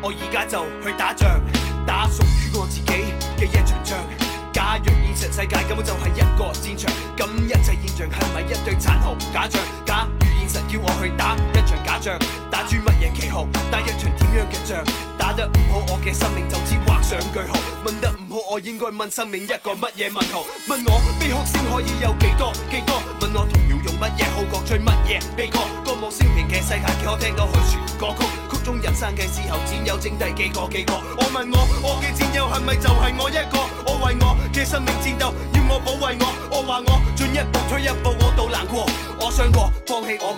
我而家就去打仗，打屬於我自己嘅一場仗。假若現實世界咁，那我就係一個戰場，咁一切現象係咪一堆殘酷假象？假實要我去打一場假仗，打住乜嘢旗號？打一場點樣嘅仗？打得唔好，我嘅生命就似畫上句號。問得唔好，我應該問生命一個乜嘢問號？問我悲哭先可以有幾多？幾多？問我童謠用乜嘢好過追乜嘢悲歌？歌舞升平嘅世界幾可聽到去全歌曲？曲中人生嘅時候只有剩低幾個？幾個？我問我我嘅戰友係咪就係我一個？我為我嘅生命戰鬥，要我保衞我。我話我進一步退一步，我到難過，我想過，放棄我。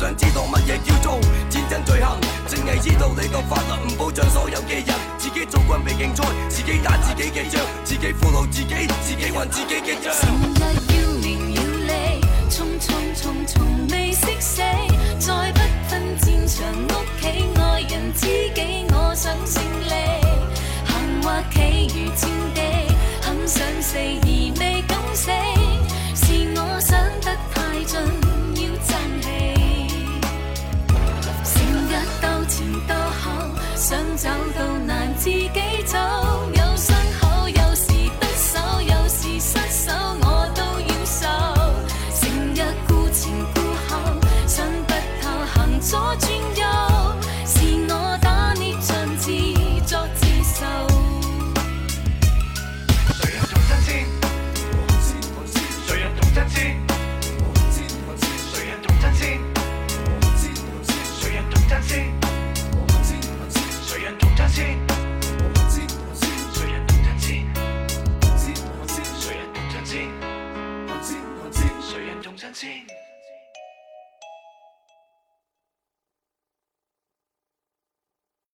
想知道乜嘢叫做戰爭罪行？淨係知道你個法律唔保障所有嘅人，自己做軍備競賽，自己打自己嘅仗，自己俘虜自己，自己還自己嘅賬。